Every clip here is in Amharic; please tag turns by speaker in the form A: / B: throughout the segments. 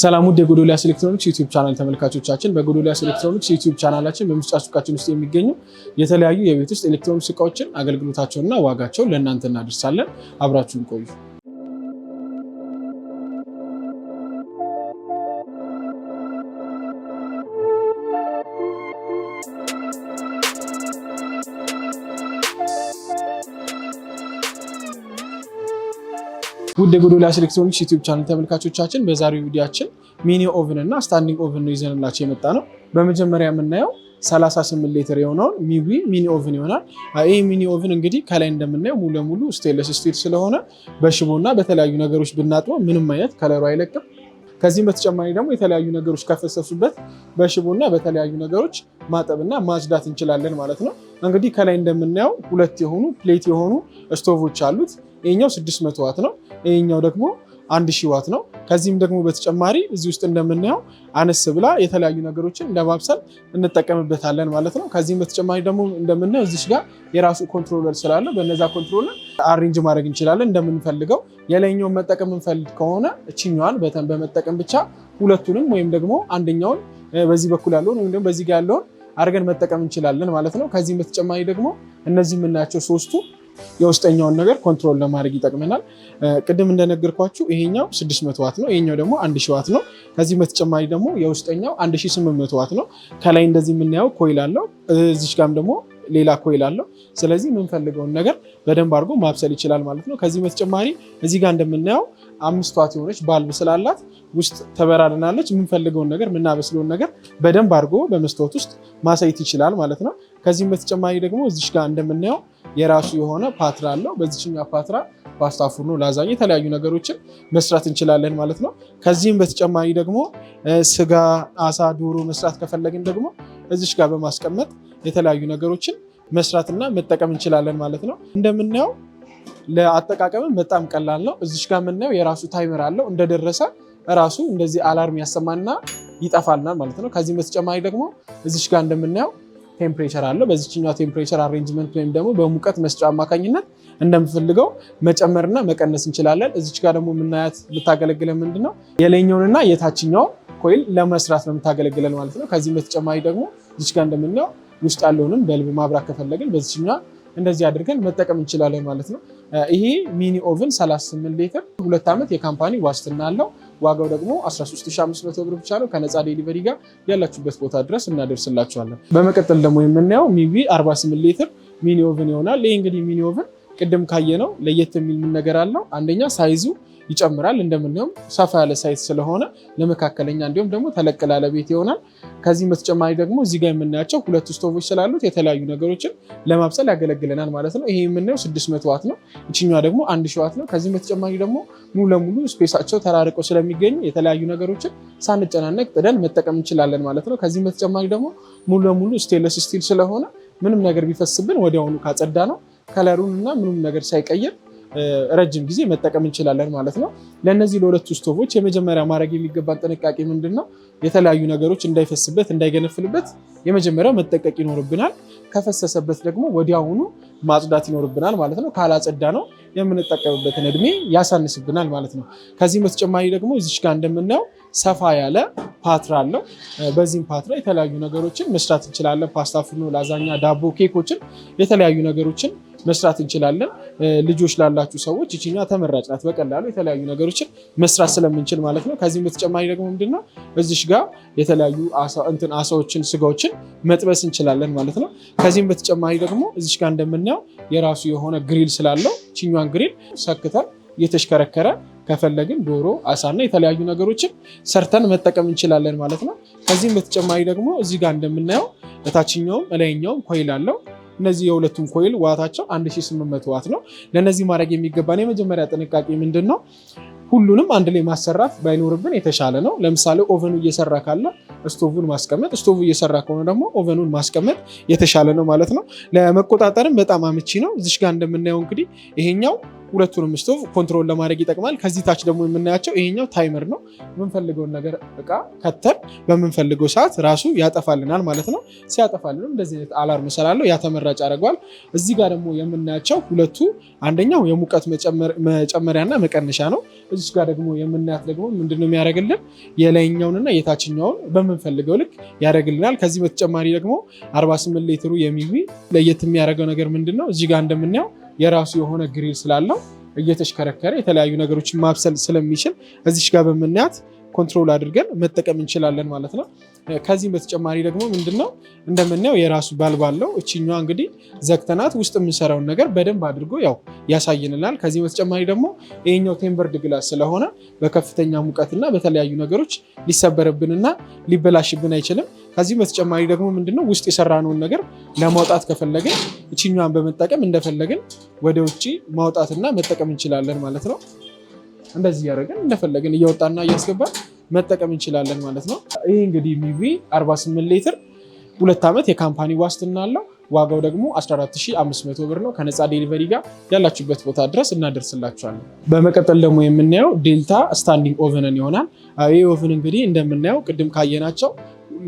A: ሰላም ውድ የጎዶልያስ ኤሌክትሮኒክስ ዩቲዩብ ቻናል ተመልካቾቻችን፣ በጎዶልያስ ኤሌክትሮኒክስ ዩቲዩብ ቻናላችን በምርጫ ሱቃችን ውስጥ የሚገኙ የተለያዩ የቤት ውስጥ ኤሌክትሮኒክስ እቃዎችን አገልግሎታቸውንና ዋጋቸውን ለእናንተ እናደርሳለን። አብራችሁን ቆዩ። ውድ የጎዶልያስ ኤሌክትሮኒክስ ዩቲዩብ ቻናል ተመልካቾቻችን በዛሬው ቪዲያችን ሚኒ ኦቭን እና ስታንዲንግ ኦቭን ነው ይዘንላቸው የመጣ ነው። በመጀመሪያ የምናየው 38 ሊትር የሆነውን ሚዊ ሚኒ ኦቭን ይሆናል። ይህ ሚኒ ኦቭን እንግዲህ ከላይ እንደምናየው ሙሉ ለሙሉ ስቴንለስ ስቲል ስለሆነ በሽቦ እና በተለያዩ ነገሮች ብናጥበው ምንም አይነት ከለሩ አይለቅም። ከዚህም በተጨማሪ ደግሞ የተለያዩ ነገሮች ከፈሰሱበት በሽቦ እና በተለያዩ ነገሮች ማጠብና ማጽዳት እንችላለን ማለት ነው። እንግዲህ ከላይ እንደምናየው ሁለት የሆኑ ፕሌት የሆኑ ስቶቮች አሉት። ይሄኛው 600 ዋት ነው። ይሄኛው ደግሞ አንድ ዋት ነው። ከዚህም ደግሞ በተጨማሪ እዚህ ውስጥ እንደምናየው አነስ ብላ የተለያዩ ነገሮችን ለማብሰል እንጠቀምበታለን ማለት ነው። ከዚህም በተጨማሪ ደግሞ እንደምናየው እዚች ጋር የራሱ ኮንትሮለር ስላለ በነዛ ኮንትሮለር አሬንጅ ማድረግ እንችላለን እንደምንፈልገው። የላይኛውን መጠቀም እንፈልግ ከሆነ እችኛዋን በተን በመጠቀም ብቻ ሁለቱንም ወይም ደግሞ አንደኛውን በዚህ በኩል ያለውን ወይም ደግሞ በዚህ ጋር ያለውን አድርገን መጠቀም እንችላለን ማለት ነው። ከዚህም በተጨማሪ ደግሞ እነዚህ የምናያቸው ሶስቱ የውስጠኛውን ነገር ኮንትሮል ለማድረግ ይጠቅመናል። ቅድም እንደነገርኳችሁ ይሄኛው 600 ዋት ነው፣ ይሄኛው ደግሞ 1000 ዋት ነው። ከዚህ በተጨማሪ ደግሞ የውስጠኛው 1800 ዋት ነው። ከላይ እንደዚህ የምናየው ኮይል አለው፣ እዚች ጋም ደግሞ ሌላ ኮይል አለው። ስለዚህ የምንፈልገውን ነገር በደንብ አድርጎ ማብሰል ይችላል ማለት ነው። ከዚህ በተጨማሪ እዚህ ጋር እንደምናየው አምስት ዋት የሆነች ባልብ ስላላት ውስጥ ተበራልናለች። የምንፈልገውን ነገር የምናበስለውን ነገር በደንብ አድርጎ በመስታወት ውስጥ ማሳየት ይችላል ማለት ነው። ከዚህም በተጨማሪ ደግሞ እዚች ጋር እንደምናየው የራሱ የሆነ ፓትራ አለው። በዚችኛ ፓትራ ፓስታ፣ ፉርኖ፣ ላዛኛ የተለያዩ ነገሮችን መስራት እንችላለን ማለት ነው። ከዚህም በተጨማሪ ደግሞ ስጋ፣ አሳ፣ ዶሮ መስራት ከፈለግን ደግሞ እዚች ጋር በማስቀመጥ የተለያዩ ነገሮችን መስራትና መጠቀም እንችላለን ማለት ነው እንደምናየው ለአጠቃቀምም በጣም ቀላል ነው። እዚች ጋር የምናየው የራሱ ታይመር አለው። እንደደረሰ ራሱ እንደዚህ አላርም ያሰማና ይጠፋልናል ማለት ነው። ከዚህም በተጨማሪ ደግሞ እዚች ጋር እንደምናየው ቴምፕሬቸር አለው። በዚችኛው ቴምፕሬቸር አሬንጅመንት ወይም ደግሞ በሙቀት መስጫ አማካኝነት እንደምፈልገው መጨመርና መቀነስ እንችላለን። እዚች ጋር ደግሞ የምናያት የምታገለግለን ምንድን ነው የላይኛውንና የታችኛው ኮይል ለመስራት ነው የምታገለግለን ማለት ነው። ከዚህም በተጨማሪ ደግሞ እዚች ጋር እንደምናየው ውስጥ ያለውንም በልብ ማብራት ከፈለግን በዚችኛ እንደዚህ አድርገን መጠቀም እንችላለን ማለት ነው። ይሄ ሚኒ ኦቭን 38 ሊትር ሁለት ዓመት የካምፓኒ ዋስትና አለው። ዋጋው ደግሞ 13500 ብር ብቻ ነው ከነፃ ዴሊቨሪ ጋር ያላችሁበት ቦታ ድረስ እናደርስላችኋለን። በመቀጠል ደግሞ የምናየው ሚቢ 48 ሊትር ሚኒ ኦቭን ይሆናል። ይህ እንግዲህ ሚኒ ኦቭን ቅድም ካየ ነው ለየት የሚል ምን ነገር አለው? አንደኛ ሳይዙ ይጨምራል። እንደምናየውም ሰፋ ያለ ሳይዝ ስለሆነ ለመካከለኛ እንዲሁም ደግሞ ተለቅ ላለ ቤት ይሆናል። ከዚህም በተጨማሪ ደግሞ እዚህ ጋር የምናያቸው ሁለት ስቶቮች ስላሉት የተለያዩ ነገሮችን ለማብሰል ያገለግለናል ማለት ነው። ይሄ የምናየው 600 ዋት ነው፣ ይችኛዋ ደግሞ 1000 ዋት ነው። ከዚህም በተጨማሪ ደግሞ ሙሉ ለሙሉ ስፔሳቸው ተራርቀው ስለሚገኙ የተለያዩ ነገሮችን ሳንጨናነቅ ጥደን መጠቀም እንችላለን ማለት ነው። ከዚህም በተጨማሪ ደግሞ ሙሉ ለሙሉ ስቴንለስ ስቲል ስለሆነ ምንም ነገር ቢፈስብን ወዲያውኑ ካጸዳ ነው ከለሩን እና ምንም ነገር ሳይቀየር ረጅም ጊዜ መጠቀም እንችላለን ማለት ነው። ለእነዚህ ለሁለቱ ስቶቮች የመጀመሪያ ማድረግ የሚገባን ጥንቃቄ ምንድን ነው? የተለያዩ ነገሮች እንዳይፈስበት እንዳይገነፍልበት የመጀመሪያው መጠቀቅ ይኖርብናል። ከፈሰሰበት ደግሞ ወዲያውኑ ማጽዳት ይኖርብናል ማለት ነው። ካላጸዳ ነው የምንጠቀምበትን እድሜ ያሳንስብናል ማለት ነው። ከዚህም በተጨማሪ ደግሞ እዚች ጋር እንደምናየው ሰፋ ያለ ፓትራ አለው። በዚህም ፓትራ የተለያዩ ነገሮችን መስራት እንችላለን። ፓስታ፣ ፍርኖ፣ ላዛኛ፣ ዳቦ፣ ኬኮችን የተለያዩ ነገሮችን መስራት እንችላለን። ልጆች ላላችሁ ሰዎች ይችኛ ተመራጭ ናት። በቀላሉ የተለያዩ ነገሮችን መስራት ስለምንችል ማለት ነው። ከዚህም በተጨማሪ ደግሞ ምንድነው እዚሽ ጋር የተለያዩ እንትን አሳዎችን፣ ስጋዎችን መጥበስ እንችላለን ማለት ነው። ከዚህም በተጨማሪ ደግሞ እዚሽ ጋር እንደምናየው የራሱ የሆነ ግሪል ስላለው ችኛን ግሪል ሰክተን እየተሽከረከረ ከፈለግን ዶሮ፣ አሳና የተለያዩ ነገሮችን ሰርተን መጠቀም እንችላለን ማለት ነው። ከዚህም በተጨማሪ ደግሞ እዚህ ጋር እንደምናየው በታችኛውም እላይኛውም ኮይል አለው። እነዚህ የሁለቱም ኮይል ዋታቸው 1800 ዋት ነው። ለእነዚህ ማድረግ የሚገባን የመጀመሪያ ጥንቃቄ ምንድን ነው? ሁሉንም አንድ ላይ ማሰራት ባይኖርብን የተሻለ ነው። ለምሳሌ ኦቨኑ እየሰራ ካለ ስቶቭን ማስቀመጥ፣ ስቶቭ እየሰራ ከሆነ ደግሞ ኦቨኑን ማስቀመጥ የተሻለ ነው ማለት ነው። ለመቆጣጠርም በጣም አመቺ ነው። እዚሽ ጋር እንደምናየው እንግዲህ ይሄኛው ሁለቱንም ስቶቭ ኮንትሮል ለማድረግ ይጠቅማል። ከዚህ ታች ደግሞ የምናያቸው ይሄኛው ታይመር ነው። የምንፈልገውን ነገር እቃ ከተን በምንፈልገው ሰዓት ራሱ ያጠፋልናል ማለት ነው። ሲያጠፋልንም እንደዚህ አይነት አላርም ስላለው ያ ተመራጭ ያደርገዋል። እዚህ ጋር ደግሞ የምናያቸው ሁለቱ አንደኛው የሙቀት መጨመሪያና መቀነሻ ነው። እዚህ ጋር ደግሞ የምናያት ደግሞ ምንድነው የሚያደርግልን የላይኛውንና የታችኛውን በምንፈልገው ልክ ያደርግልናል። ከዚህ በተጨማሪ ደግሞ 48 ሊትሩ የሚዊ ለየት የሚያደርገው ነገር ምንድን ነው እዚህ ጋር እንደምናየው የራሱ የሆነ ግሪል ስላለው እየተሽከረከረ የተለያዩ ነገሮችን ማብሰል ስለሚችል እዚች ጋር በምናያት ኮንትሮል አድርገን መጠቀም እንችላለን ማለት ነው። ከዚህም በተጨማሪ ደግሞ ምንድነው እንደምናየው የራሱ ባልብ አለው። እችኛዋ እንግዲህ ዘግተናት ውስጥ የምንሰራውን ነገር በደንብ አድርጎ ያው ያሳይንናል። ከዚህም በተጨማሪ ደግሞ ይሄኛው ቴምበርድ ግላስ ስለሆነ በከፍተኛ ሙቀትና በተለያዩ ነገሮች ሊሰበርብንና ሊበላሽብን አይችልም። ከዚህም በተጨማሪ ደግሞ ምንድነው ውስጥ የሰራነውን ነገር ለማውጣት ከፈለግን እችኛዋን በመጠቀም እንደፈለግን ወደ ውጭ ማውጣትና መጠቀም እንችላለን ማለት ነው። እንደዚህ እያደረግን እንደፈለግን እያወጣና እያስገባን መጠቀም እንችላለን ማለት ነው። ይህ እንግዲህ ሚቪ 48 ሊትር ሁለት ዓመት የካምፓኒ ዋስትና አለው። ዋጋው ደግሞ 14500 ብር ነው። ከነፃ ዴሊቨሪ ጋር ያላችሁበት ቦታ ድረስ እናደርስላችኋለን። በመቀጠል ደግሞ የምናየው ዴልታ ስታንዲንግ ኦቨንን ይሆናል። ይህ ኦቨን እንግዲህ እንደምናየው ቅድም ካየናቸው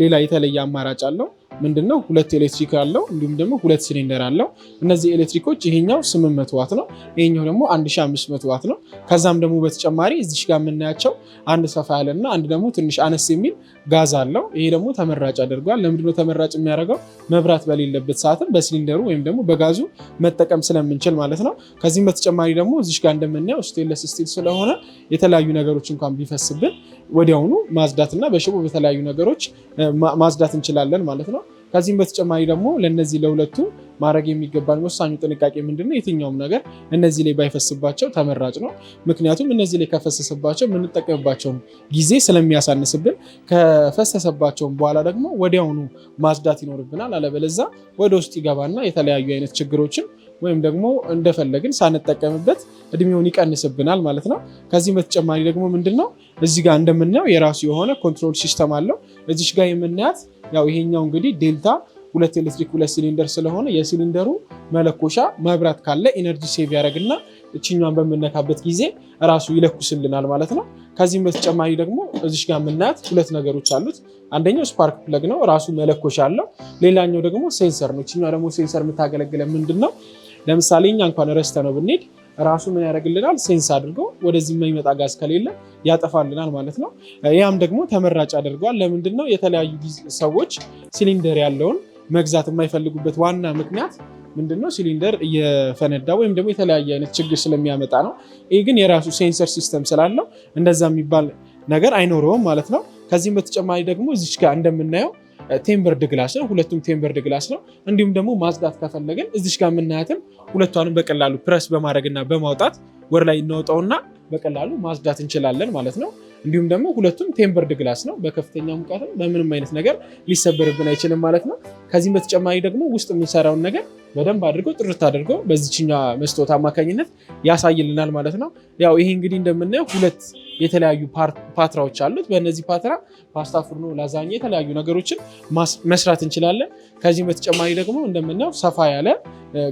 A: ሌላ የተለየ አማራጭ አለው ምንድነው ሁለት ኤሌክትሪክ አለው፣ እንዲሁም ደግሞ ሁለት ሲሊንደር አለው። እነዚህ ኤሌክትሪኮች ይሄኛው 800 ዋት ነው፣ ይሄኛው ደግሞ 1500 ዋት ነው። ከዛም ደግሞ በተጨማሪ እዚሽ ጋር የምናያቸው አንድ ሰፋ ያለና አንድ ደግሞ ትንሽ አነስ የሚል ጋዝ አለው። ይሄ ደግሞ ተመራጭ አድርጓል። ለምንድነው ተመራጭ የሚያደርገው? መብራት በሌለበት ሰዓትም በሲሊንደሩ ወይም ደግሞ በጋዙ መጠቀም ስለምንችል ማለት ነው። ከዚህም በተጨማሪ ደግሞ እዚሽ ጋር እንደምናየው ስቴንለስ ስቲል ስለሆነ የተለያዩ ነገሮች እንኳን ቢፈስብን ወዲያውኑ ማጽዳትና በሽቦ በተለያዩ ነገሮች ማጽዳት እንችላለን ማለት ነው። ከዚህም በተጨማሪ ደግሞ ለነዚህ ለሁለቱ ማድረግ የሚገባን ወሳኙ ጥንቃቄ ምንድነው? የትኛውም ነገር እነዚህ ላይ ባይፈስባቸው ተመራጭ ነው። ምክንያቱም እነዚህ ላይ ከፈሰሰባቸው የምንጠቀምባቸውን ጊዜ ስለሚያሳንስብን፣ ከፈሰሰባቸውን በኋላ ደግሞ ወዲያውኑ ማጽዳት ይኖርብናል። አለበለዛ ወደ ውስጥ ይገባና የተለያዩ አይነት ችግሮችን ወይም ደግሞ እንደፈለግን ሳንጠቀምበት እድሜውን ይቀንስብናል ማለት ነው። ከዚህም በተጨማሪ ደግሞ ምንድን ነው እዚህ ጋር እንደምናየው የራሱ የሆነ ኮንትሮል ሲስተም አለው። እዚሽ ጋር የምናያት ያው ይሄኛው እንግዲህ ዴልታ ሁለት ኤሌክትሪክ ሁለት ሲሊንደር ስለሆነ የሲሊንደሩ መለኮሻ መብራት ካለ ኢነርጂ ሴቭ ያደረግና እችኛን በምነካበት ጊዜ እራሱ ይለኩስልናል ማለት ነው። ከዚህም በተጨማሪ ደግሞ እዚሽ ጋር የምናያት ሁለት ነገሮች አሉት። አንደኛው ስፓርክ ፕለግ ነው፣ ራሱ መለኮሻ አለው። ሌላኛው ደግሞ ሴንሰር ነው። እችኛ ደግሞ ሴንሰር የምታገለግለ ምንድን ነው ለምሳሌ እኛ እንኳን ረስተ ነው ብንሄድ ራሱ ምን ያደርግልናል? ሴንስ አድርጎ ወደዚህ የማይመጣ ጋዝ ከሌለ ያጠፋልናል ማለት ነው። ያም ደግሞ ተመራጭ አድርገዋል። ለምንድን ነው የተለያዩ ሰዎች ሲሊንደር ያለውን መግዛት የማይፈልጉበት ዋና ምክንያት ምንድነው? ሲሊንደር እየፈነዳ ወይም ደግሞ የተለያየ አይነት ችግር ስለሚያመጣ ነው። ይህ ግን የራሱ ሴንሰር ሲስተም ስላለው እንደዛ የሚባል ነገር አይኖረውም ማለት ነው። ከዚህም በተጨማሪ ደግሞ እዚች ጋር እንደምናየው ቴምበርድ ግላስ ነው። ሁለቱም ቴምበርድ ግላስ ነው። እንዲሁም ደግሞ ማጽዳት ከፈለግን እዚች ጋር የምናያትም ሁለቷንም በቀላሉ ፕረስ በማድረግና በማውጣት ወር ላይ እናወጣውና በቀላሉ ማጽዳት እንችላለን ማለት ነው። እንዲሁም ደግሞ ሁለቱም ቴምበርድ ግላስ ነው። በከፍተኛ ሙቀትም በምንም አይነት ነገር ሊሰበርብን አይችልም ማለት ነው። ከዚህም በተጨማሪ ደግሞ ውስጥ የምንሰራውን ነገር በደንብ አድርጎ ጥርት አድርጎ በዚችኛ መስታወት አማካኝነት ያሳይልናል ማለት ነው። ያው ይሄ እንግዲህ እንደምናየው ሁለት የተለያዩ ፓትራዎች አሉት። በእነዚህ ፓትራ ፓስታ፣ ፉርኖ፣ ላዛኛ የተለያዩ ነገሮችን መስራት እንችላለን። ከዚህም በተጨማሪ ደግሞ እንደምናየው ሰፋ ያለ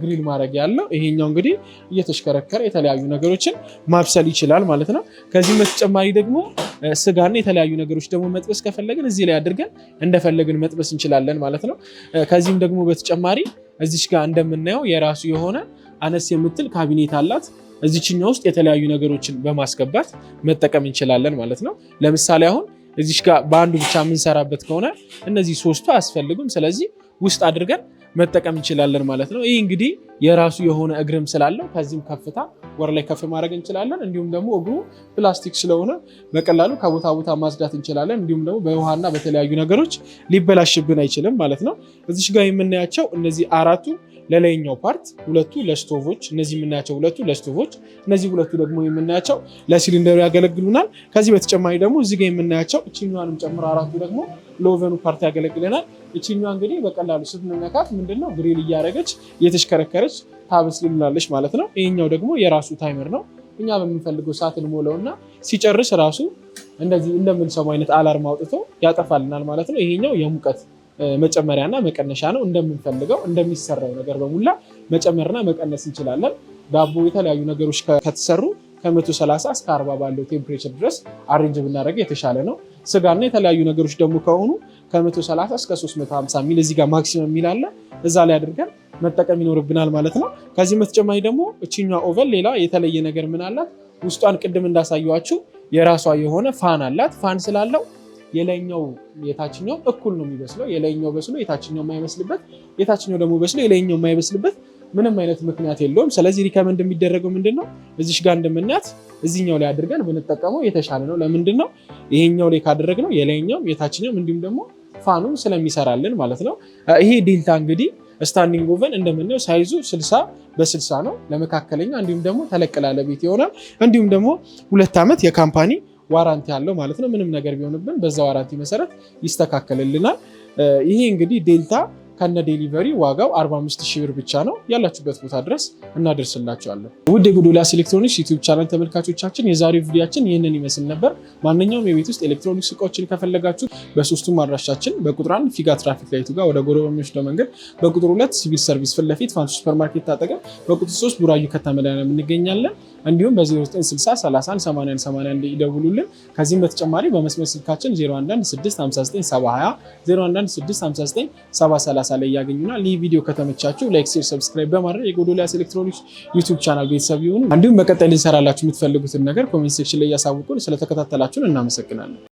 A: ግሪል ማድረግ ያለው ይሄኛው እንግዲህ እየተሽከረከረ የተለያዩ ነገሮችን ማብሰል ይችላል ማለት ነው። ከዚህም በተጨማሪ ደግሞ ስጋና የተለያዩ ነገሮች ደግሞ መጥበስ ከፈለግን እዚህ ላይ አድርገን እንደፈለግን መጥበስ እንችላለን ማለት ነው። ከዚህም ደግሞ በተጨማሪ እዚች ጋር እንደምናየው የራሱ የሆነ አነስ የምትል ካቢኔት አላት። እዚችኛ ውስጥ የተለያዩ ነገሮችን በማስገባት መጠቀም እንችላለን ማለት ነው። ለምሳሌ አሁን እዚች ጋር በአንዱ ብቻ የምንሰራበት ከሆነ እነዚህ ሶስቱ አያስፈልጉም። ስለዚህ ውስጥ አድርገን መጠቀም እንችላለን ማለት ነው። ይህ እንግዲህ የራሱ የሆነ እግርም ስላለው ከዚህም ከፍታ ወር ላይ ከፍ ማድረግ እንችላለን። እንዲሁም ደግሞ እግሩ ፕላስቲክ ስለሆነ በቀላሉ ከቦታ ቦታ ማጽዳት እንችላለን። እንዲሁም ደግሞ በውሃና በተለያዩ ነገሮች ሊበላሽብን አይችልም ማለት ነው። እዚሽ ጋር የምናያቸው እነዚህ አራቱ ለላይኛው ፓርት ሁለቱ ለስቶቮች እነዚህ የምናያቸው ሁለቱ ለስቶቮች፣ እነዚህ ሁለቱ ደግሞ የምናያቸው ለሲሊንደሩ ያገለግሉናል። ከዚህ በተጨማሪ ደግሞ እዚህ ጋ የምናያቸው እችኛዋንም ጨምሮ አራቱ ደግሞ ለኦቨኑ ፓርት ያገለግለናል። እችኛዋ እንግዲህ በቀላሉ ስትነካት ምንድነው ግሪል እያደረገች እየተሽከረከረች ታበስልላለች ማለት ነው። ይሄኛው ደግሞ የራሱ ታይመር ነው። እኛ በምንፈልገው ሰዓት እንሞለው እና ሲጨርስ ራሱ እንደዚህ እንደምንሰማው አይነት አላርም አውጥቶ ያጠፋልናል ማለት ነው። ይሄኛው የሙቀት መጨመሪያና መቀነሻ ነው። እንደምንፈልገው እንደሚሰራው ነገር በሙላ መጨመርና መቀነስ እንችላለን። ዳቦ የተለያዩ ነገሮች ከተሰሩ ከ130 እስከ 40 ባለው ቴምፕሬቸር ድረስ አሬንጅ ብናደረገ የተሻለ ነው። ስጋና የተለያዩ ነገሮች ደግሞ ከሆኑ ከ130 እስከ 350 ሚል እዚህ ጋር ማክሲመም የሚል አለ። እዛ ላይ አድርገን መጠቀም ይኖርብናል ማለት ነው። ከዚህ በተጨማሪ ደግሞ እችኛ ኦቨን ሌላ የተለየ ነገር ምን አላት? ውስጧን ቅድም እንዳሳየዋችሁ የራሷ የሆነ ፋን አላት። ፋን ስላለው የላይኛው የታችኛው እኩል ነው የሚበስለው። የላይኛው በስሎ የታችኛው የማይበስልበት፣ የታችኛው ደግሞ በስሎ የላይኛው የማይበስልበት ምንም አይነት ምክንያት የለውም። ስለዚህ ሪከመንድ የሚደረገው ምንድን ነው? እዚሽ ጋር እንደምናያት እዚኛው ላይ አድርገን ብንጠቀመው የተሻለ ነው። ለምንድን ነው ይሄኛው ላይ ካደረግነው የላይኛውም የታችኛውም እንዲሁም ደግሞ ፋኑም ስለሚሰራልን ማለት ነው። ይሄ ዴልታ እንግዲህ ስታንዲንግ ኦቨን እንደምናየው ሳይዙ 60 በ60 ነው። ለመካከለኛ እንዲሁም ደግሞ ተለቅላለ ቤት ይሆናል። እንዲሁም ደግሞ ሁለት ዓመት የካምፓኒ ዋራንቲ አለው ማለት ነው። ምንም ነገር ቢሆንብን በዛ ዋራንቲ መሰረት ይስተካከልልናል። ይሄ እንግዲህ ዴልታ ከነ ዴሊቨሪ ዋጋው 45 ሺህ ብር ብቻ ነው። ያላችሁበት ቦታ ድረስ እናደርስላቸዋለን። ውድ የጎዶልያስ ኤሌክትሮኒክስ ዩቲዩብ ቻናል ተመልካቾቻችን የዛሬው ቪዲያችን ይህንን ይመስል ነበር። ማንኛውም የቤት ውስጥ ኤሌክትሮኒክስ እቃዎችን ከፈለጋችሁ በሶስቱም አድራሻችን በቁጥር አንድ ፊጋ ትራፊክ ላይቱ ጋር ወደ ጎሮ በሚወስደው መንገድ፣ በቁጥር ሁለት ሲቪል ሰርቪስ ፊት ለፊት ፋንሱ ሱፐርማርኬት ታጠገብ፣ በቁጥር ሶስት ቡራዩ ከተማ ላይ እንገኛለን። እንዲሁም በ0960 ይደውሉልን። ከዚህም በተጨማሪ በመስመር ስልካችን 0116597020፣ ላይ ያገኙናል። ይህ ቪዲዮ ከተመቻችሁ ላይክ፣ ሼር፣ ሰብስክራይብ በማድረግ የጎዶልያስ ኤሌክትሮኒክስ ዩቱብ ቻናል ቤተሰብ ይሁኑ። እንዲሁም በቀጣይ ልንሰራላችሁ የምትፈልጉትን ነገር ኮሜንት ሴክሽን ላይ እያሳውቁን። ስለተከታተላችሁን እናመሰግናለን።